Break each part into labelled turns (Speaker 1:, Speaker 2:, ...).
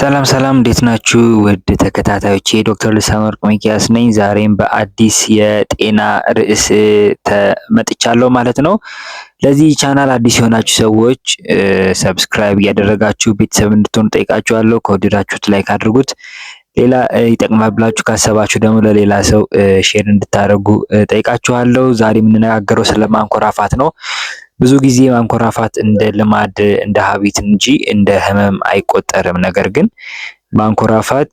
Speaker 1: ሰላም ሰላም እንዴት ናችሁ? ውድ ተከታታዮች ዶክተር ልሳን ወርቅ ሚኪያስ ነኝ። ዛሬም በአዲስ የጤና ርዕስ ተመጥቻለሁ ማለት ነው። ለዚህ ቻናል አዲስ የሆናችሁ ሰዎች ሰብስክራይብ እያደረጋችሁ ቤተሰብ እንድትሆኑ ጠይቃችኋለሁ። ከወደዳችሁት ላይክ አድርጉት። ሌላ ይጠቅማል ብላችሁ ካሰባችሁ ደግሞ ለሌላ ሰው ሼር እንድታደርጉ ጠይቃችኋለሁ። ዛሬ የምንነጋገረው ስለ ማንኮራፋት ነው። ብዙ ጊዜ ማንኮራፋት እንደ ልማድ እንደ ሀቢት እንጂ እንደ ህመም አይቆጠርም። ነገር ግን ማንኮራፋት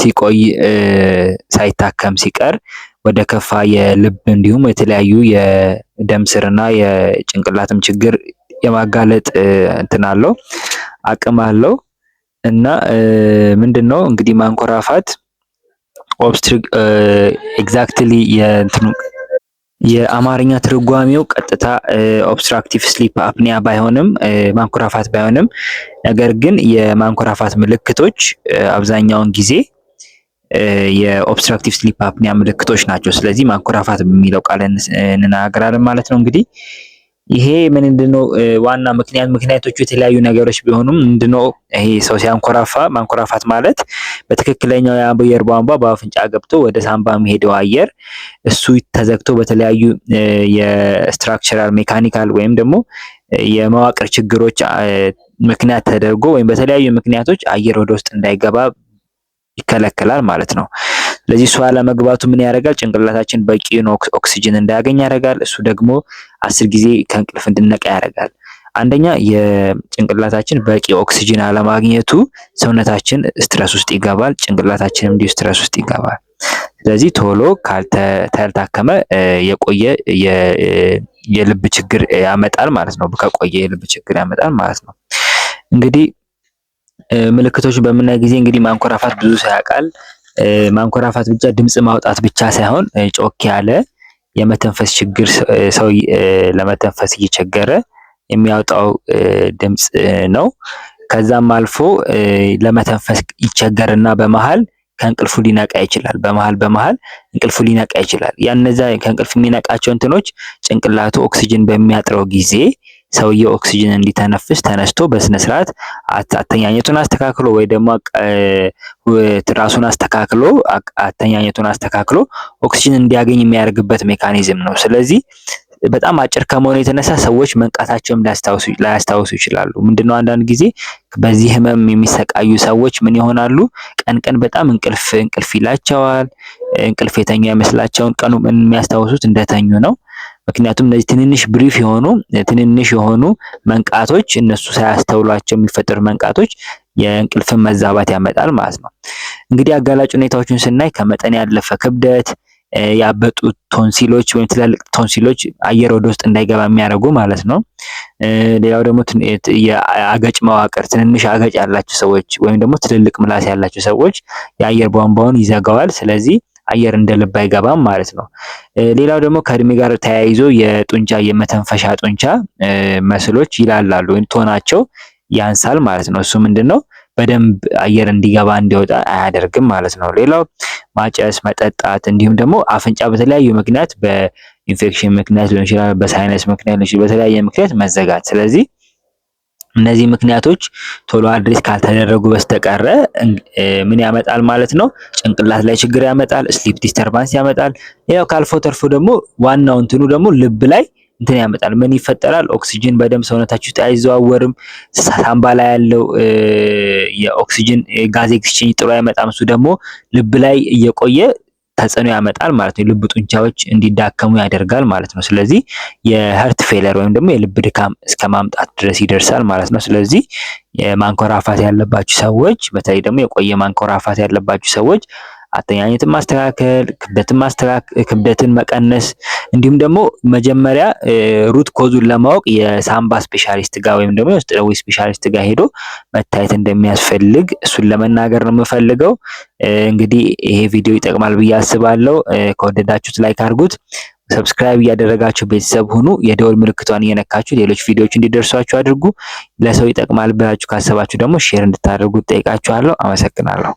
Speaker 1: ሲቆይ ሳይታከም ሲቀር ወደ ከፋ የልብ እንዲሁም የተለያዩ የደም ስርና የጭንቅላትም ችግር የማጋለጥ እንትን አለው አቅም አለው እና ምንድን ነው እንግዲህ ማንኮራፋት ኦብስትሪክ ኤግዛክትሊ የእንትኑ የአማርኛ ትርጓሜው ቀጥታ ኦብስትራክቲቭ ስሊፕ አፕኒያ ባይሆንም ማንኮራፋት ባይሆንም ነገር ግን የማንኮራፋት ምልክቶች አብዛኛውን ጊዜ የኦብስትራክቲቭ ስሊፕ አፕኒያ ምልክቶች ናቸው። ስለዚህ ማንኮራፋት የሚለው ቃል እንናገራለን ማለት ነው እንግዲህ ይሄ ምንድነው ዋና ምክንያት ምክንያቶቹ የተለያዩ ነገሮች ቢሆኑም ምንድነው ይሄ ሰው ሲያንኮራፋ ማንኮራፋት ማለት በትክክለኛው የአየር ቧንቧ በአፍንጫ ገብቶ ወደ ሳምባ የሚሄደው አየር እሱ ተዘግቶ በተለያዩ የስትራክቸራል ሜካኒካል ወይም ደግሞ የመዋቅር ችግሮች ምክንያት ተደርጎ ወይም በተለያዩ ምክንያቶች አየር ወደ ውስጥ እንዳይገባ ይከለከላል ማለት ነው። ለዚህ እሱ አለመግባቱ ምን ያደርጋል? ጭንቅላታችን በቂ ኦክሲጅን እንዳያገኝ ያደርጋል። እሱ ደግሞ አስር ጊዜ ከእንቅልፍ እንድነቃ ያደርጋል። አንደኛ የጭንቅላታችን በቂ ኦክሲጅን አለማግኘቱ ሰውነታችን ስትረስ ውስጥ ይገባል። ጭንቅላታችንም እንዲሁ ስትረስ ውስጥ ይገባል። ስለዚህ ቶሎ ተልታከመ የቆየ የልብ ችግር ያመጣል ማለት ነው። ከቆየ የልብ ችግር ያመጣል ማለት ነው። እንግዲህ ምልክቶች በምናይ ጊዜ እንግዲህ ማንኮራፋት ብዙ ሰው ያውቃል። ማንኮራፋት ብቻ ድምፅ ማውጣት ብቻ ሳይሆን ጮክ ያለ የመተንፈስ ችግር ሰው ለመተንፈስ እየቸገረ የሚያወጣው ድምፅ ነው። ከዛም አልፎ ለመተንፈስ ይቸገርና በመሃል ከእንቅልፉ ሊነቃ ይችላል። በመሃል በመሃል እንቅልፉ ሊነቃ ይችላል። ያነዛ ከእንቅልፍ የሚነቃቸው እንትኖች ጭንቅላቱ ኦክሲጅን በሚያጥረው ጊዜ ሰውየው ኦክሲጅን እንዲተነፍስ ተነስቶ በስነስርዓት አተኛኘቱን አስተካክሎ ወይ ደግሞ ራሱን አስተካክሎ አተኛኘቱን አስተካክሎ ኦክሲጅን እንዲያገኝ የሚያደርግበት ሜካኒዝም ነው። ስለዚህ በጣም አጭር ከመሆኑ የተነሳ ሰዎች መንቃታቸውም ላያስታውሱ ይችላሉ። ምንድነው አንዳንድ ጊዜ በዚህ ህመም የሚሰቃዩ ሰዎች ምን ይሆናሉ? ቀን ቀን በጣም እንቅልፍ እንቅልፍ ይላቸዋል። እንቅልፍ የተኛ ይመስላቸውን ቀኑ የሚያስታውሱት እንደተኙ ነው። ምክንያቱም እነዚህ ትንንሽ ብሪፍ የሆኑ ትንንሽ የሆኑ መንቃቶች እነሱ ሳያስተውሏቸው የሚፈጠሩ መንቃቶች የእንቅልፍን መዛባት ያመጣል ማለት ነው። እንግዲህ አጋላጭ ሁኔታዎችን ስናይ ከመጠን ያለፈ ክብደት ያበጡ ቶንሲሎች ወይም ትላልቅ ቶንሲሎች አየር ወደ ውስጥ እንዳይገባ የሚያደርጉ ማለት ነው። ሌላው ደግሞ የአገጭ መዋቅር ትንንሽ አገጭ ያላቸው ሰዎች ወይም ደግሞ ትልልቅ ምላስ ያላቸው ሰዎች የአየር ቧንቧውን ይዘጋዋል። ስለዚህ አየር እንደ ልብ አይገባም ማለት ነው። ሌላው ደግሞ ከእድሜ ጋር ተያይዞ የጡንቻ የመተንፈሻ ጡንቻ መስሎች ይላላሉ ወይም ቶናቸው ያንሳል ማለት ነው። እሱ ምንድን ነው? በደንብ አየር እንዲገባ እንዲወጣ አያደርግም ማለት ነው። ሌላው ማጨስ፣ መጠጣት እንዲሁም ደግሞ አፍንጫ በተለያዩ ምክንያት በኢንፌክሽን ምክንያት ሊሆን ይችላል፣ በሳይነስ ምክንያት ሊሆን ይችላል፣ በተለያየ ምክንያት መዘጋት። ስለዚህ እነዚህ ምክንያቶች ቶሎ አድሬስ ካልተደረጉ በስተቀረ ምን ያመጣል ማለት ነው? ጭንቅላት ላይ ችግር ያመጣል፣ ስሊፕ ዲስተርባንስ ያመጣል። ያው ካልፎ ተርፎ ደግሞ ዋናው እንትኑ ደግሞ ልብ ላይ እንትን ያመጣል። ምን ይፈጠራል? ኦክሲጅን በደም ሰውነታችሁ ውስጥ አይዘዋወርም። ሳምባ ላይ ያለው የኦክሲጅን ጋዝ ኤክስቼንጅ ጥሩ አይመጣም። እሱ ደግሞ ልብ ላይ እየቆየ ተጽዕኖ ያመጣል ማለት ነው። ልብ ጡንቻዎች እንዲዳከሙ ያደርጋል ማለት ነው። ስለዚህ የሀርት ፌለር ወይም ደግሞ የልብ ድካም እስከ ማምጣት ድረስ ይደርሳል ማለት ነው። ስለዚህ የማንኮራፋት ያለባችሁ ሰዎች በተለይ ደግሞ የቆየ ማንኮራፋት ያለባችሁ ሰዎች አተኛኘትን ማስተካከል፣ ክብደትን መቀነስ እንዲሁም ደግሞ መጀመሪያ ሩት ኮዙን ለማወቅ የሳምባ ስፔሻሊስት ጋር ወይም ደግሞ የውስጥ ደዌ ስፔሻሊስት ጋር ሄዶ መታየት እንደሚያስፈልግ እሱን ለመናገር ነው የምፈልገው። እንግዲህ ይሄ ቪዲዮ ይጠቅማል ብዬ አስባለሁ። ከወደዳችሁት ላይክ አድርጉት። ሰብስክራይብ እያደረጋችሁ ቤተሰብ ሁኑ። የደወል ምልክቷን እየነካችሁ ሌሎች ቪዲዮዎች እንዲደርሷችሁ አድርጉ። ለሰው ይጠቅማል ብላችሁ ካሰባችሁ ደግሞ ሼር እንድታደርጉ ጠይቃችኋለሁ። አመሰግናለሁ።